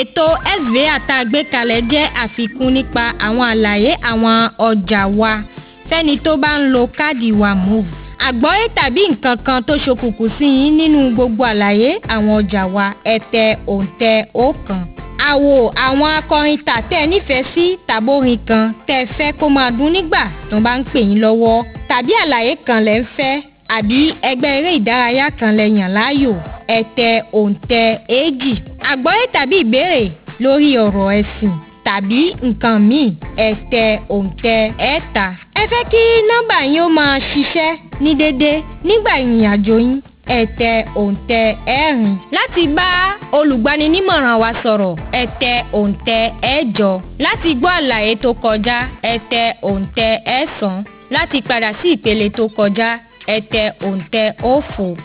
Ètò SVA tá a gbé kalẹ̀ jẹ́ àfikún nípa àwọn àlàyé àwọn ọjà wa fẹ́ni tó bá ń lo káàdì wa move. Àgbọ́yé tàbí nǹkan kan tó ṣokùnkùn sí yín nínú gbogbo àlàyé àwọn ọjà wa ẹ tẹ òǹtẹ̀ ọ̀kan. Àwo àwọn akọrin tà tẹ́ nífẹ̀ẹ́ sí tàbórin kan tẹ́ fẹ́ kó máa dún nígbà tó bá ń pè yín lọ́wọ́ tàbí àlàyé kan lẹ́ ń fẹ́ àbí ẹgbẹ́ eré ìdárayá kan lẹ láàyò ẹ tẹ òǹtẹ̀ èjì àgbọ́yé tàbí ìbéèrè lórí ọ̀rọ̀ ẹ̀sìn tàbí nǹkan míì ẹ tẹ òǹtẹ̀ ẹ̀ta ẹ fẹ́ kí nọ́mbà yín ó máa ṣiṣẹ́ ní dédé nígbà ìrìn àjò yín ẹ tẹ òǹtẹ̀ ẹ̀rin láti bá olùgbaninímọ̀ràn wa sọ̀rọ̀ ẹ òǹtẹ̀ ẹ̀jọ láti gbọ́ àlàyé tó kọjá ẹ òǹtẹ̀ ẹ̀sán láti padà sí ìpele tó kọjá ẹ òǹtẹ̀ òfo.